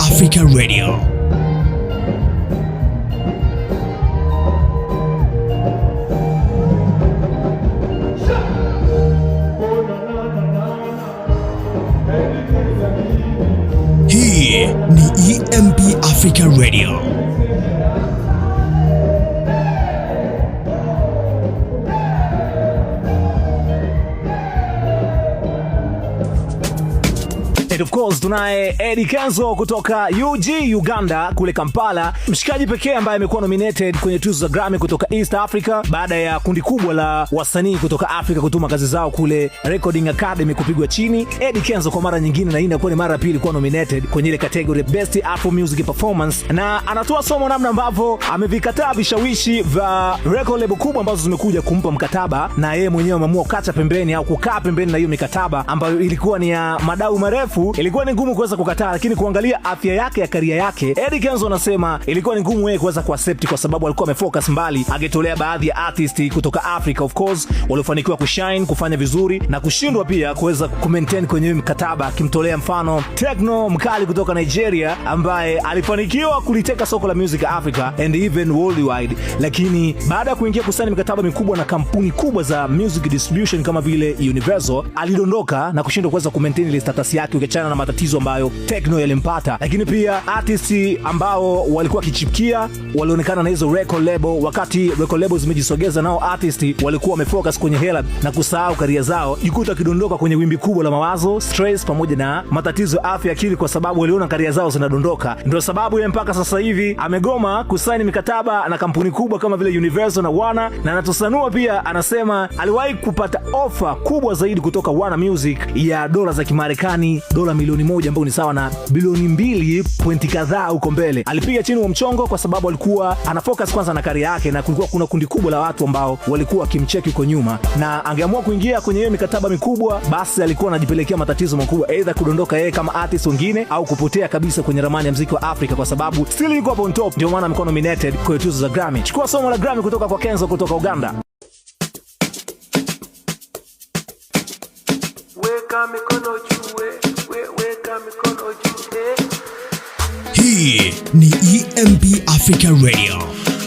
Africa Radio. Hii ni EMP Africa Radio. and of course tunaye Eddie Kenzo kutoka UG Uganda kule Kampala, mshikaji pekee ambaye amekuwa nominated kwenye tuzo za Grammy kutoka East Africa baada ya kundi kubwa la wasanii kutoka africa kutuma kazi zao kule Recording Academy kupigwa chini. Eddie Kenzo kwa mara nyingine, na hii inakuwa ni mara ya pili kuwa nominated kwenye ile category Best Afro Music Performance, na anatoa somo namna ambavyo amevikataa vishawishi vya record label kubwa ambazo zimekuja kumpa mkataba, na yeye mwenyewe ameamua kacha pembeni au kukaa pembeni na hiyo mikataba ambayo ilikuwa ni ya madau marefu ilikuwa ni ngumu kuweza kukataa, lakini kuangalia afya yake ya karia yake, Eddie Kenzo anasema ilikuwa ni ngumu yeye kuweza kuaccept kwa sababu alikuwa amefocus mbali, angetolea baadhi ya artist kutoka Africa of course waliofanikiwa kushine kufanya vizuri na kushindwa pia kuweza kumaintain kwenye mkataba, akimtolea mfano Tekno mkali kutoka Nigeria ambaye alifanikiwa kuliteka soko la music Africa and even worldwide, lakini baada ya kuingia kusaini mikataba mikubwa na kampuni kubwa za music distribution kama vile Universal alidondoka na kushindwa kuweza kumaintain ile status yake ukiacha kuachana na matatizo ambayo Tekno yalimpata, lakini pia artisti ambao walikuwa wakichipukia walionekana na hizo record label. Wakati record label zimejisogeza, nao artist walikuwa wamefocus kwenye hela na kusahau karia zao, jikuta wakidondoka kwenye wimbi kubwa la mawazo, stress pamoja na matatizo ya afya akili, kwa sababu waliona karia zao zinadondoka. Ndio sababu ya mpaka sasa hivi amegoma kusaini mikataba na kampuni kubwa kama vile Universal na Warner, na anatusanua pia, anasema aliwahi kupata ofa kubwa zaidi kutoka Warner Music ya dola za Kimarekani dola dola milioni moja ambayo ni sawa na bilioni mbili pointi kadhaa huko mbele. Alipiga chini wa mchongo kwa sababu alikuwa ana focus kwanza na kari yake, na kulikuwa kuna kundi kubwa la watu ambao walikuwa wakimcheki huko nyuma, na angeamua kuingia kwenye hiyo mikataba mikubwa, basi alikuwa anajipelekea matatizo makubwa, aidha kudondoka yeye kama artist wengine au kupotea kabisa kwenye ramani ya mziki wa Afrika, kwa sababu still yuko hapo on top. Ndio maana amekuwa minated kwenye tuzo za Grammy. Chukua somo la Grammy kutoka kwa Kenzo kutoka Uganda. weka eh. Hii ni emb Africa Radio.